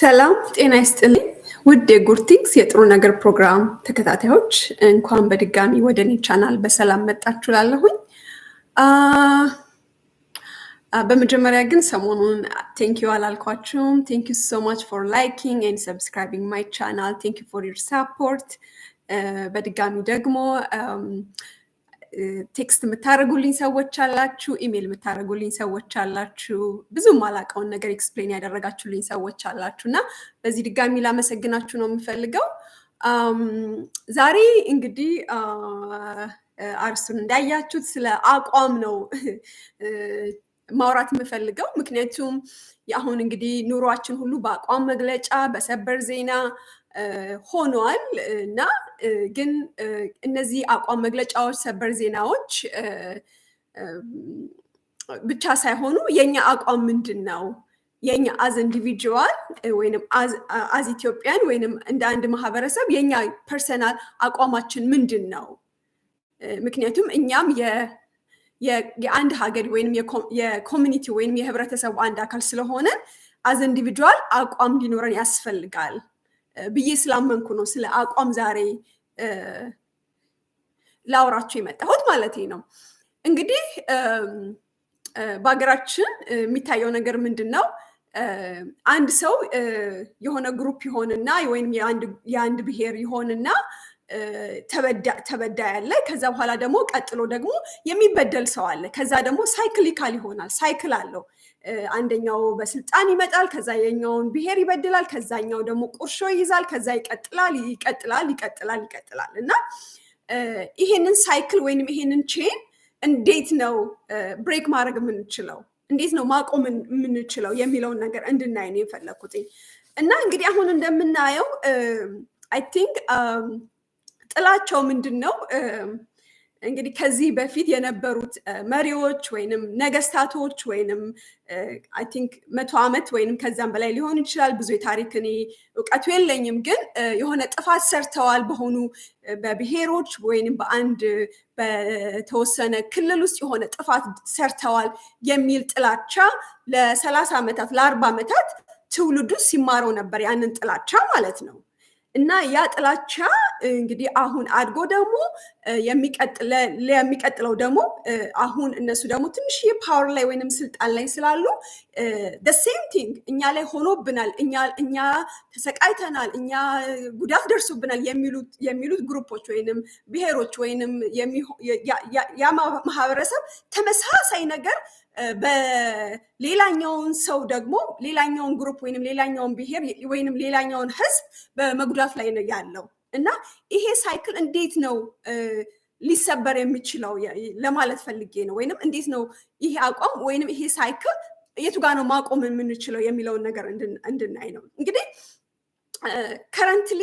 ሰላም ጤና ይስጥልኝ። ውድ የጉድ ቲንግስ የጥሩ ነገር ፕሮግራም ተከታታዮች እንኳን በድጋሚ ወደ እኔ ቻናል በሰላም መጣችሁ ላለሁኝ። በመጀመሪያ ግን ሰሞኑን ቴንክ ዩ አላልኳችሁም። ቴንክ ዩ ሶ ማች ፎር ላይኪንግ ኤንድ ሰብስክራይቢንግ ማይ ቻናል ቴንክ ዩ ፎር ዩር ሳፖርት። በድጋሚ ደግሞ ቴክስት የምታደርጉልኝ ሰዎች አላችሁ፣ ኢሜይል የምታደርጉልኝ ሰዎች አላችሁ፣ ብዙም አላቀውን ነገር ኤክስፕሌን ያደረጋችሁልኝ ሰዎች አላችሁ እና በዚህ ድጋሚ ላመሰግናችሁ ነው የምፈልገው። ዛሬ እንግዲህ አርሱን እንዳያችሁት ስለ አቋም ነው ማውራት የምፈልገው። ምክንያቱም የአሁን እንግዲህ ኑሯችን ሁሉ በአቋም መግለጫ፣ በሰበር ዜና ሆኗል እና ግን እነዚህ አቋም መግለጫዎች፣ ሰበር ዜናዎች ብቻ ሳይሆኑ የኛ አቋም ምንድን ነው የኛ አዝ ኢንዲቪጅዋል ወይም አዝ ኢትዮጵያን ወይም እንደ አንድ ማህበረሰብ የኛ ፐርሰናል አቋማችን ምንድን ነው? ምክንያቱም እኛም የአንድ ሀገር ወይም የኮሚኒቲ ወይም የህብረተሰቡ አንድ አካል ስለሆነ አዝ ኢንዲቪጅዋል አቋም ሊኖረን ያስፈልጋል። ብዬ ስላመንኩ ነው ስለ አቋም ዛሬ ላውራቸው የመጣሁት ማለት ነው። እንግዲህ በሀገራችን የሚታየው ነገር ምንድን ነው? አንድ ሰው የሆነ ግሩፕ ይሆንና ወይም የአንድ ብሔር ይሆንና ተበዳይ አለ። ከዛ በኋላ ደግሞ ቀጥሎ ደግሞ የሚበደል ሰው አለ። ከዛ ደግሞ ሳይክሊካል ይሆናል። ሳይክል አለው። አንደኛው በስልጣን ይመጣል። ከዛ የኛውን ብሔር ይበድላል። ከዛኛው ደግሞ ቁርሾ ይይዛል። ከዛ ይቀጥላል፣ ይቀጥላል፣ ይቀጥላል፣ ይቀጥላል እና ይሄንን ሳይክል ወይንም ይሄንን ቼን እንዴት ነው ብሬክ ማድረግ የምንችለው እንዴት ነው ማቆም የምንችለው የሚለውን ነገር እንድናይ ነው የፈለግኩት እና እንግዲህ አሁን እንደምናየው አይ ቲንክ ጥላቸው ምንድን ነው? እንግዲህ ከዚህ በፊት የነበሩት መሪዎች ወይንም ነገስታቶች ወይንም አይ ቲንክ መቶ ዓመት ወይንም ከዚያም በላይ ሊሆን ይችላል። ብዙ የታሪክ እኔ እውቀቱ የለኝም፣ ግን የሆነ ጥፋት ሰርተዋል በሆኑ በብሔሮች ወይንም በአንድ በተወሰነ ክልል ውስጥ የሆነ ጥፋት ሰርተዋል የሚል ጥላቻ ለሰላሳ ዓመታት ለአርባ ዓመታት ትውልዱ ሲማረው ነበር፣ ያንን ጥላቻ ማለት ነው። እና ያ ጥላቻ እንግዲህ አሁን አድጎ ደግሞ የሚቀጥለው ደግሞ አሁን እነሱ ደግሞ ትንሽ ፓወር ላይ ወይንም ስልጣን ላይ ስላሉ ሴም ቲንግ እኛ ላይ ሆኖብናል፣ እኛ ተሰቃይተናል፣ እኛ ጉዳት ደርሶብናል የሚሉት ግሩፖች ወይንም ብሔሮች ወይንም ያ ማህበረሰብ ተመሳሳይ ነገር በሌላኛውን ሰው ደግሞ ሌላኛውን ግሩፕ ወይም ሌላኛውን ብሄር ወይም ሌላኛውን ህዝብ በመጉዳት ላይ ነው ያለው እና ይሄ ሳይክል እንዴት ነው ሊሰበር የሚችለው ለማለት ፈልጌ ነው። ወይም እንዴት ነው ይሄ አቋም ወይም ይሄ ሳይክል የቱ ጋ ነው ማቆም የምንችለው የሚለውን ነገር እንድናይ ነው። እንግዲህ ከረንትሊ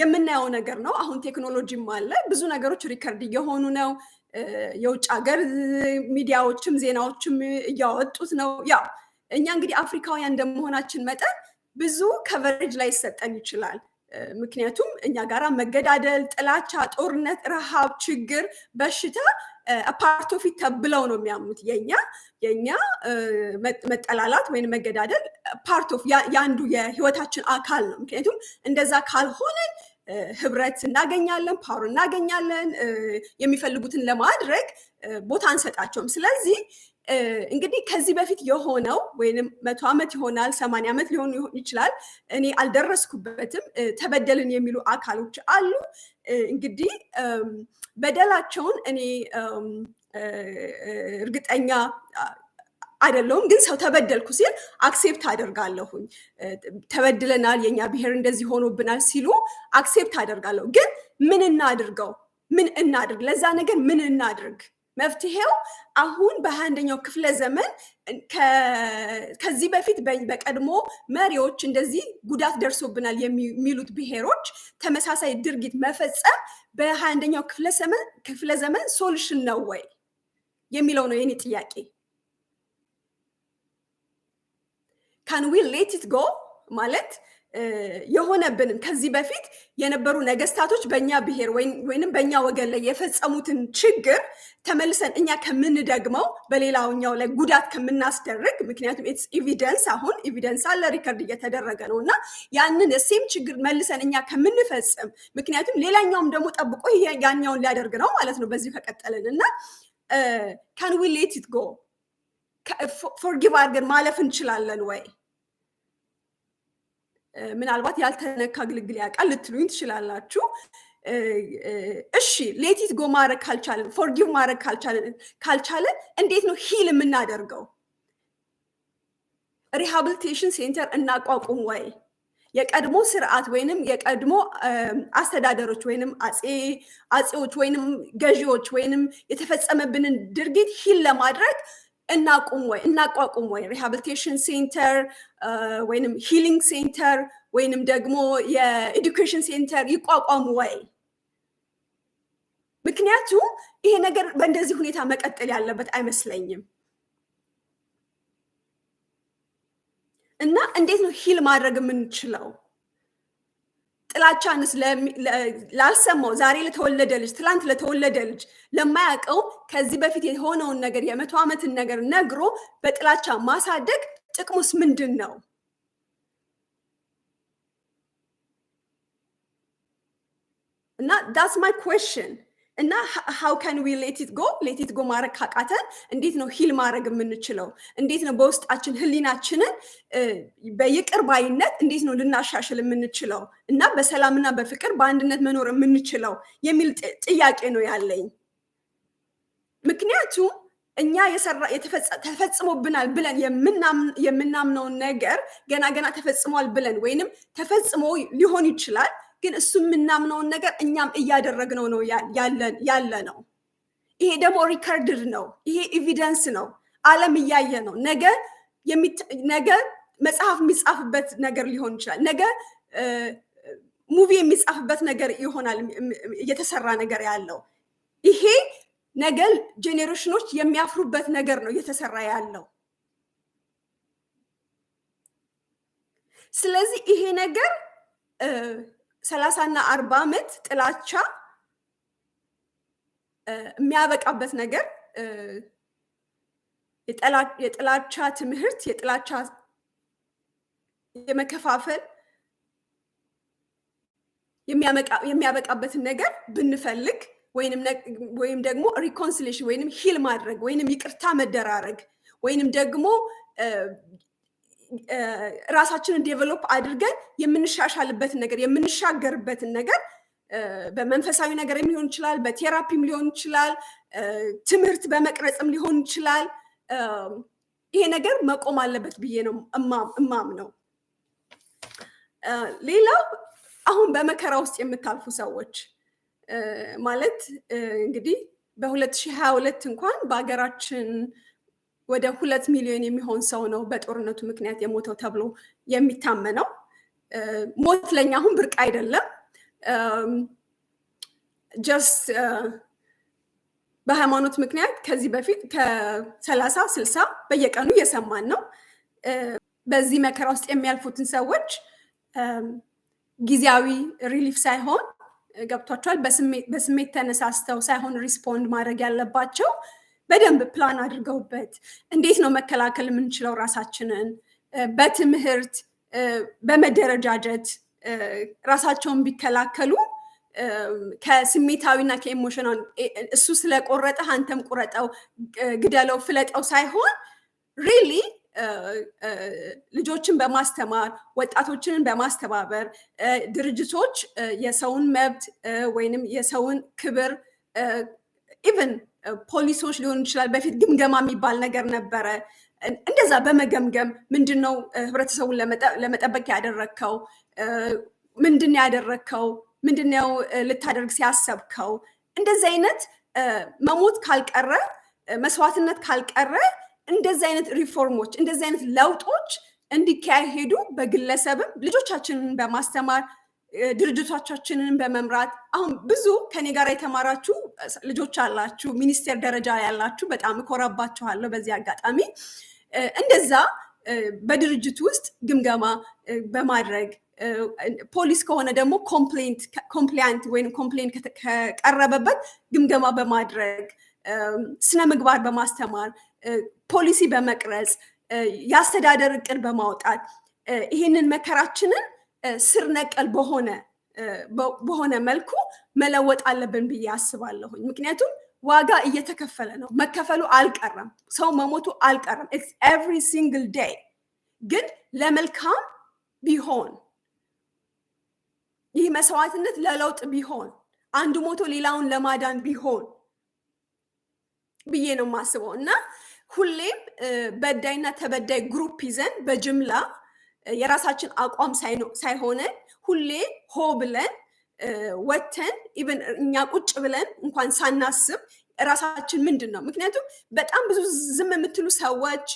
የምናየው ነገር ነው። አሁን ቴክኖሎጂም አለ፣ ብዙ ነገሮች ሪከርድ እየሆኑ ነው። የውጭ ሀገር ሚዲያዎችም ዜናዎችም እያወጡት ነው። ያው እኛ እንግዲህ አፍሪካውያን እንደመሆናችን መጠን ብዙ ከቨሬጅ ላይ ይሰጠን ይችላል። ምክንያቱም እኛ ጋራ መገዳደል፣ ጥላቻ፣ ጦርነት፣ ረሃብ፣ ችግር፣ በሽታ አፓርቶፊት ተብለው ነው የሚያምኑት። የኛ የኛ መጠላላት ወይም መገዳደል ፓርቶፍ የአንዱ የህይወታችን አካል ነው። ምክንያቱም እንደዛ ካልሆነን ህብረት እናገኛለን፣ ፓወር እናገኛለን። የሚፈልጉትን ለማድረግ ቦታ አንሰጣቸውም። ስለዚህ እንግዲህ ከዚህ በፊት የሆነው ወይም መቶ ዓመት ይሆናል ሰማንያ ዓመት ሊሆን ይችላል። እኔ አልደረስኩበትም። ተበደልን የሚሉ አካሎች አሉ። እንግዲህ በደላቸውን እኔ እርግጠኛ አይደለሁም ግን ሰው ተበደልኩ ሲል አክሴፕት አደርጋለሁኝ። ተበድለናል፣ የኛ ብሔር እንደዚህ ሆኖብናል ሲሉ አክሴፕት አደርጋለሁ። ግን ምን እናድርገው? ምን እናድርግ? ለዛ ነገር ምን እናድርግ? መፍትሄው አሁን በሃያ አንደኛው ክፍለ ዘመን ከዚህ በፊት በቀድሞ መሪዎች እንደዚህ ጉዳት ደርሶብናል የሚሉት ብሔሮች ተመሳሳይ ድርጊት መፈጸም በሃያ አንደኛው ክፍለ ዘመን ሶሉሽን ነው ወይ የሚለው ነው የኔ ጥያቄ። ካን ዊ ሌት ኢት ጎ ማለት የሆነብንም ከዚህ በፊት የነበሩ ነገስታቶች በእኛ ብሔር ወይንም በእኛ ወገን ላይ የፈጸሙትን ችግር ተመልሰን እኛ ከምንደግመው በሌላውኛው ላይ ጉዳት ከምናስደርግ፣ ምክንያቱም ኢትስ ኤቪደንስ አሁን ኤቪደንስ አለ ሪከርድ እየተደረገ ነው እና ያንን ሴም ችግር መልሰን እኛ ከምንፈጽም፣ ምክንያቱም ሌላኛውም ደግሞ ጠብቆ ያኛውን ሊያደርግ ነው ማለት ነው በዚህ ከቀጠልን እና ካን ዊ ሌት ኢት ጎ ፎርጊቭ አድርገን ማለፍ እንችላለን ወይ? ምናልባት ያልተነካ ግልግል ያውቃል ልትሉኝ ትችላላችሁ። እሺ ሌቲት ጎ ማድረግ ካልቻለን ፎርጊቭ ማድረግ ካልቻለን እንዴት ነው ሂል የምናደርገው? ሪሃብሊቴሽን ሴንተር እናቋቁም ወይ? የቀድሞ ስርዓት ወይንም የቀድሞ አስተዳደሮች ወይንም አጼዎች ወይንም ገዢዎች ወይንም የተፈጸመብንን ድርጊት ሂል ለማድረግ እናቁም ወይ እናቋቁም ወይ ሪሃብሊቴሽን ሴንተር ወይንም ሂሊንግ ሴንተር ወይንም ደግሞ የኤዱኬሽን ሴንተር ይቋቋሙ ወይ? ምክንያቱም ይሄ ነገር በእንደዚህ ሁኔታ መቀጠል ያለበት አይመስለኝም። እና እንዴት ነው ሂል ማድረግ የምንችለው? ጥላቻንስ ላልሰማው ዛሬ ለተወለደ ልጅ ትላንት ለተወለደ ልጅ ለማያውቀው ከዚህ በፊት የሆነውን ነገር የመቶ ዓመትን ነገር ነግሮ በጥላቻ ማሳደግ ጥቅሙስ ምንድን ነው? እና ዳስ ማይ ኩዌሽን እና ሀው ከን ዊ ሌቲት ጎ ሌቲት ጎ ማድረግ ካቃተን እንዴት ነው ሂል ማድረግ የምንችለው? እንዴት ነው በውስጣችን ህሊናችንን በይቅር ባይነት እንዴት ነው ልናሻሽል የምንችለው እና በሰላምና በፍቅር በአንድነት መኖር የምንችለው የሚል ጥያቄ ነው ያለኝ። ምክንያቱም እኛ ተፈጽሞብናል ብለን የምናምነውን ነገር ገና ገና ተፈጽሟል ብለን ወይንም ተፈጽሞ ሊሆን ይችላል ግን እሱ የምናምነውን ነገር እኛም እያደረግነው ነው ያለ ነው። ይሄ ደግሞ ሪከርድድ ነው። ይሄ ኤቪደንስ ነው። ዓለም እያየ ነው። ነገ ነገ መጽሐፍ የሚጻፍበት ነገር ሊሆን ይችላል። ነገ ሙቪ የሚጻፍበት ነገር ይሆናል። እየተሰራ ነገር ያለው ይሄ ነገ ጄኔሬሽኖች የሚያፍሩበት ነገር ነው እየተሰራ ያለው። ስለዚህ ይሄ ነገር ሰላሳና አርባ ዓመት ጥላቻ የሚያበቃበት ነገር የጥላቻ ትምህርት፣ የጥላቻ የመከፋፈል የሚያበቃበትን ነገር ብንፈልግ ወይም ደግሞ ሪኮንሲሌሽን ወይም ሂል ማድረግ ወይንም ይቅርታ መደራረግ ወይንም ደግሞ ራሳችንን ዴቨሎፕ አድርገን የምንሻሻልበትን ነገር የምንሻገርበትን ነገር በመንፈሳዊ ነገር ሊሆን ይችላል፣ በቴራፒም ሊሆን ይችላል፣ ትምህርት በመቅረጽም ሊሆን ይችላል። ይሄ ነገር መቆም አለበት ብዬ ነው እማም ነው። ሌላው አሁን በመከራ ውስጥ የምታልፉ ሰዎች ማለት እንግዲህ በ2022 እንኳን በሀገራችን ወደ ሁለት ሚሊዮን የሚሆን ሰው ነው በጦርነቱ ምክንያት የሞተው ተብሎ የሚታመነው። ሞት ለእኛ አሁን ብርቅ አይደለም። ጀስት በሃይማኖት ምክንያት ከዚህ በፊት ከሰላሳ ስልሳ በየቀኑ እየሰማን ነው። በዚህ መከራ ውስጥ የሚያልፉትን ሰዎች ጊዜያዊ ሪሊፍ ሳይሆን ገብቷቸዋል። በስሜት ተነሳስተው ሳይሆን ሪስፖንድ ማድረግ ያለባቸው በደንብ ፕላን አድርገውበት እንዴት ነው መከላከል የምንችለው ራሳችንን በትምህርት በመደረጃጀት ራሳቸውን ቢከላከሉ ከስሜታዊና ከኤሞሽናል እሱ ስለቆረጠህ አንተም ቁረጠው፣ ግደለው፣ ፍለጠው ሳይሆን ሪሊ ልጆችን በማስተማር ወጣቶችንን በማስተባበር ድርጅቶች የሰውን መብት ወይንም የሰውን ክብር ኢቨን ፖሊሶች ሊሆን ይችላል። በፊት ግምገማ የሚባል ነገር ነበረ። እንደዛ በመገምገም ምንድን ነው ህብረተሰቡን ለመጠበቅ ያደረግከው? ምንድን ያደረግከው? ምንድን ልታደርግ ሲያሰብከው? እንደዚህ አይነት መሞት ካልቀረ መስዋዕትነት ካልቀረ እንደዚህ አይነት ሪፎርሞች እንደዚህ አይነት ለውጦች እንዲካሄዱ በግለሰብም ልጆቻችንን በማስተማር ድርጅቶቻችንን በመምራት አሁን ብዙ ከኔ ጋር የተማራችሁ ልጆች አላችሁ፣ ሚኒስቴር ደረጃ ያላችሁ በጣም እኮራባችኋለሁ። በዚህ አጋጣሚ እንደዛ በድርጅት ውስጥ ግምገማ በማድረግ ፖሊስ ከሆነ ደግሞ ኮምፕላንት ወይም ኮምፕሌንት ከቀረበበት ግምገማ በማድረግ ስነ ምግባር በማስተማር ፖሊሲ በመቅረጽ የአስተዳደር እቅድ በማውጣት ይህንን መከራችንን ስር ነቀል በሆነ በሆነ መልኩ መለወጥ አለብን ብዬ አስባለሁኝ። ምክንያቱም ዋጋ እየተከፈለ ነው። መከፈሉ አልቀረም፣ ሰው መሞቱ አልቀረም። ኢትስ ኤቭሪ ሲንግል ዴይ። ግን ለመልካም ቢሆን ይህ መስዋዕትነት ለለውጥ ቢሆን አንዱ ሞቶ ሌላውን ለማዳን ቢሆን ብዬ ነው የማስበው እና ሁሌም በዳይና ተበዳይ ግሩፕ ይዘን በጅምላ የራሳችን አቋም ሳይሆነን ሁሌ ሆ ብለን ወተን ኢቨን እኛ ቁጭ ብለን እንኳን ሳናስብ ራሳችን ምንድን ነው? ምክንያቱም በጣም ብዙ ዝም የምትሉ ሰዎች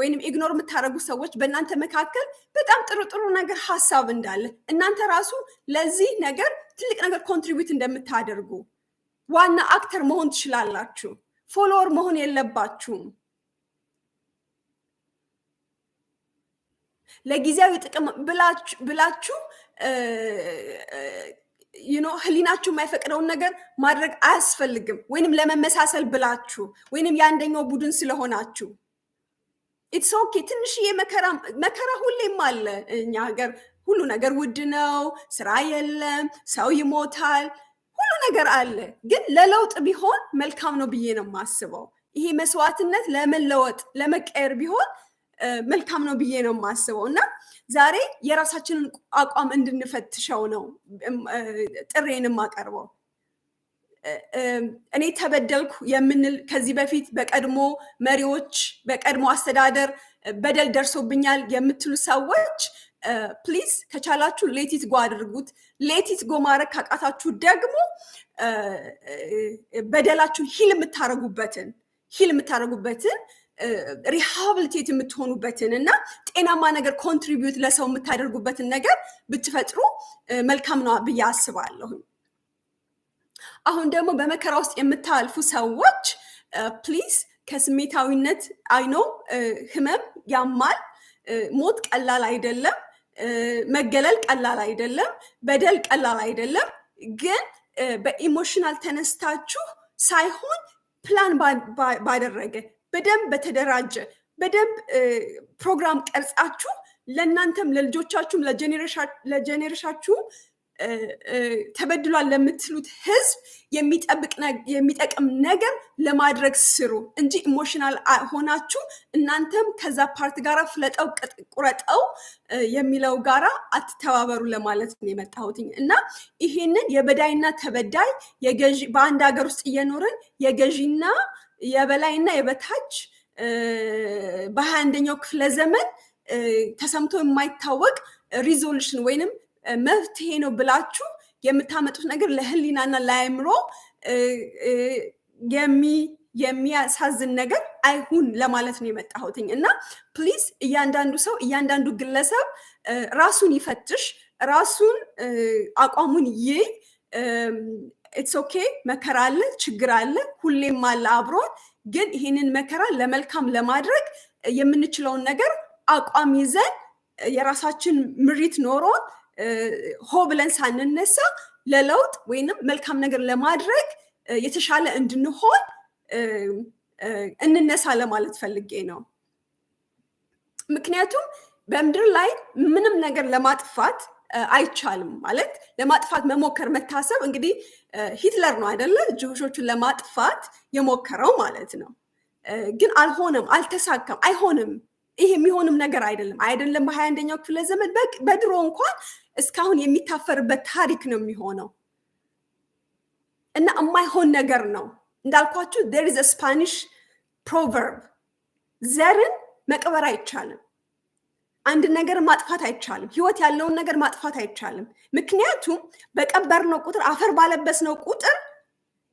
ወይንም ኢግኖር የምታደርጉ ሰዎች በእናንተ መካከል በጣም ጥሩ ጥሩ ነገር ሀሳብ እንዳለ እናንተ ራሱ ለዚህ ነገር ትልቅ ነገር ኮንትሪቢዩት እንደምታደርጉ ዋና አክተር መሆን ትችላላችሁ። ፎሎወር መሆን የለባችሁም። ለጊዜያዊ ጥቅም ብላችሁ ዩኖ ህሊናችሁ የማይፈቅደውን ነገር ማድረግ አያስፈልግም። ወይንም ለመመሳሰል ብላችሁ ወይንም የአንደኛው ቡድን ስለሆናችሁ ኢትስ ኦኬ። ትንሽዬ መከራ መከራ ሁሌም አለ። እኛ ሀገር ሁሉ ነገር ውድ ነው፣ ስራ የለም፣ ሰው ይሞታል፣ ሁሉ ነገር አለ። ግን ለለውጥ ቢሆን መልካም ነው ብዬ ነው የማስበው። ይሄ መስዋዕትነት ለመለወጥ ለመቀየር ቢሆን መልካም ነው ብዬ ነው የማስበው እና ዛሬ የራሳችንን አቋም እንድንፈትሸው ነው ጥሬን የማቀርበው። እኔ ተበደልኩ የምንል ከዚህ በፊት በቀድሞ መሪዎች፣ በቀድሞ አስተዳደር በደል ደርሶብኛል የምትሉ ሰዎች ፕሊዝ ከቻላችሁ ሌቲት ጎ አድርጉት። ሌቲት ጎ ማድረግ ካቃታችሁ ደግሞ በደላችሁን ሂል የምታረጉበትን ሂል የምታረጉበትን ሪሃብሊቴት የምትሆኑበትን እና ጤናማ ነገር ኮንትሪቢዩት ለሰው የምታደርጉበትን ነገር ብትፈጥሩ መልካም ነው ብዬ አስባለሁ። አሁን ደግሞ በመከራ ውስጥ የምታልፉ ሰዎች ፕሊዝ ከስሜታዊነት አይኖ ህመም ያማል። ሞት ቀላል አይደለም። መገለል ቀላል አይደለም። በደል ቀላል አይደለም። ግን በኢሞሽናል ተነስታችሁ ሳይሆን ፕላን ባደረገ በደንብ በተደራጀ በደንብ ፕሮግራም ቀርጻችሁ ለእናንተም ለልጆቻችሁም ለጀኔሬሻችሁ ተበድሏል ለምትሉት ህዝብ የሚጠቅም ነገር ለማድረግ ስሩ እንጂ ኢሞሽናል ሆናችሁ እናንተም ከዛ ፓርት ጋር ፍለጠው ቁረጠው የሚለው ጋራ አትተባበሩ ለማለት ነው የመጣሁትኝ እና ይሄንን የበዳይና ተበዳይ በአንድ ሀገር ውስጥ እየኖርን የገዢና የበላይና የበታች በሀያ አንደኛው ክፍለ ዘመን ተሰምቶ የማይታወቅ ሪዞሉሽን ወይንም መፍትሄ ነው ብላችሁ የምታመጡት ነገር ለህሊናና ለአእምሮ የሚያሳዝን ነገር አይሁን ለማለት ነው የመጣሁትኝ እና ፕሊዝ እያንዳንዱ ሰው እያንዳንዱ ግለሰብ ራሱን ይፈትሽ ራሱን አቋሙን ይይ ኢትስ ኦኬ መከራ አለ፣ ችግር አለ፣ ሁሌም አለ አብሮን። ግን ይህንን መከራ ለመልካም ለማድረግ የምንችለውን ነገር አቋም ይዘን የራሳችን ምሪት ኖሮን ሆ ብለን ሳንነሳ ለለውጥ ወይንም መልካም ነገር ለማድረግ የተሻለ እንድንሆን እንነሳ ለማለት ፈልጌ ነው። ምክንያቱም በምድር ላይ ምንም ነገር ለማጥፋት አይቻልም ማለት ለማጥፋት መሞከር መታሰብ እንግዲህ ሂትለር ነው አይደለ ጆሾቹን ለማጥፋት የሞከረው ማለት ነው ግን አልሆነም አልተሳካም አይሆንም ይሄ የሚሆንም ነገር አይደለም አይደለም በሀያ አንደኛው ክፍለ ዘመን በድሮ እንኳን እስካሁን የሚታፈርበት ታሪክ ነው የሚሆነው እና የማይሆን ነገር ነው እንዳልኳችሁ ዴር ስፓኒሽ ፕሮቨርብ ዘርን መቅበር አይቻልም አንድን ነገር ማጥፋት አይቻልም። ህይወት ያለውን ነገር ማጥፋት አይቻልም። ምክንያቱም ነው ቁጥር አፈር ባለበስ ነው ቁጥር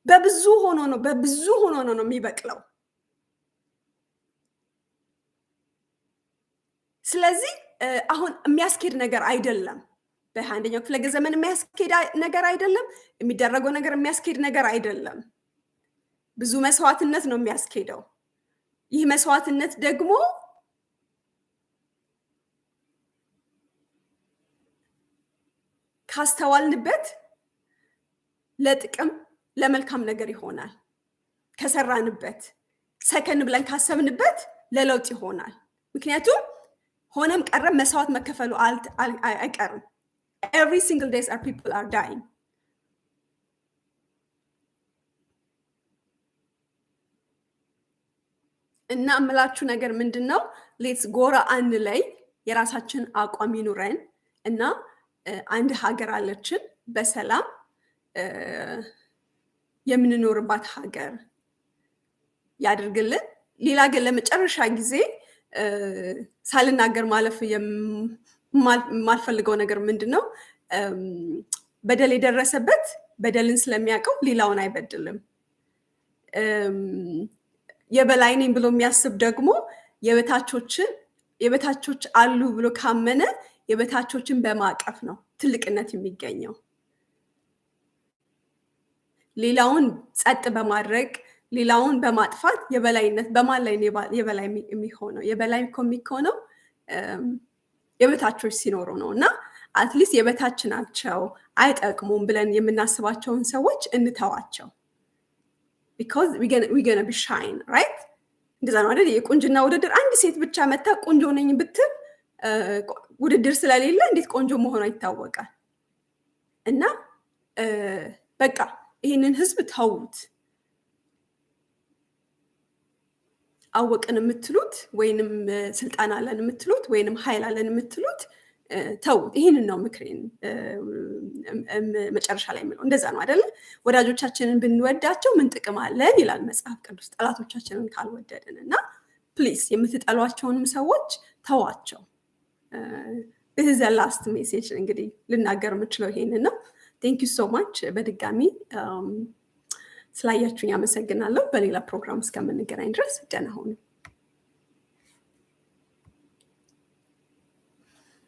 በብዙ ሆኖ ነው በብዙ ሆኖ ነው ነው የሚበቅለው። ስለዚህ አሁን የሚያስኬድ ነገር አይደለም። በአንደኛው ክፍለ ዘመን የሚያስኬድ ነገር አይደለም። የሚደረገው ነገር የሚያስኬድ ነገር አይደለም። ብዙ መስዋዕትነት ነው የሚያስኬደው። ይህ መስዋዕትነት ደግሞ ካስተዋልንበት ለጥቅም ለመልካም ነገር ይሆናል። ከሰራንበት ሰከን ብለን ካሰብንበት ለለውጥ ይሆናል። ምክንያቱም ሆነም ቀረም መስዋዕት መከፈሉ አይቀርም። ኤቭሪ ሲንግል ዴይስ አር ፒፕል አር ዳይንግ እና እምላችሁ ነገር ምንድን ነው? ሌትስ ጎራ አንለይ፣ የራሳችን አቋም ይኑረን እና አንድ ሀገር አለችን በሰላም የምንኖርባት ሀገር ያድርግልን። ሌላ ግን ለመጨረሻ ጊዜ ሳልናገር ማለፍ የማልፈልገው ነገር ምንድን ነው? በደል የደረሰበት በደልን ስለሚያውቀው ሌላውን አይበድልም። የበላይ ነኝ ብሎ የሚያስብ ደግሞ የበታቾች አሉ ብሎ ካመነ የበታቾችን በማቀፍ ነው ትልቅነት የሚገኘው። ሌላውን ጸጥ በማድረግ ሌላውን በማጥፋት የበላይነት በማን ላይ የበላይ የሚሆነው? የበላይ እኮ የሚሆነው የበታቾች ሲኖሩ ነው። እና አትሊስት የበታች ናቸው አይጠቅሙም ብለን የምናስባቸውን ሰዎች እንተዋቸው። ቢኮዝ ዊገነ ቢሻይን ራይት እንደዛ ነው አይደል? የቁንጅና ውድድር አንድ ሴት ብቻ መታ ቁንጆ ነኝ ብትል ውድድር ስለሌለ እንዴት ቆንጆ መሆኗ ይታወቃል። እና በቃ ይህንን ህዝብ ተውት አወቅን የምትሉት ወይንም ስልጣን አለን የምትሉት ወይንም ኃይል አለን የምትሉት ተውት። ይህንን ነው ምክሬን መጨረሻ ላይ የምለው እንደዛ ነው አይደለ? ወዳጆቻችንን ብንወዳቸው ምን ጥቅም አለን ይላል መጽሐፍ ቅዱስ ጠላቶቻችንን ካልወደድን እና ፕሊስ የምትጠሏቸውንም ሰዎች ተዋቸው። ዘ ላስት ሜሴጅ እንግዲህ ልናገር የምችለው ይሄንን ነው። ቴንክ ዩ ሶ ማች። በድጋሚ um, ስላያችሁን ያመሰግናለሁ በሌላ ፕሮግራም እስከምንገናኝ ድረስ ደህና ሁኑ።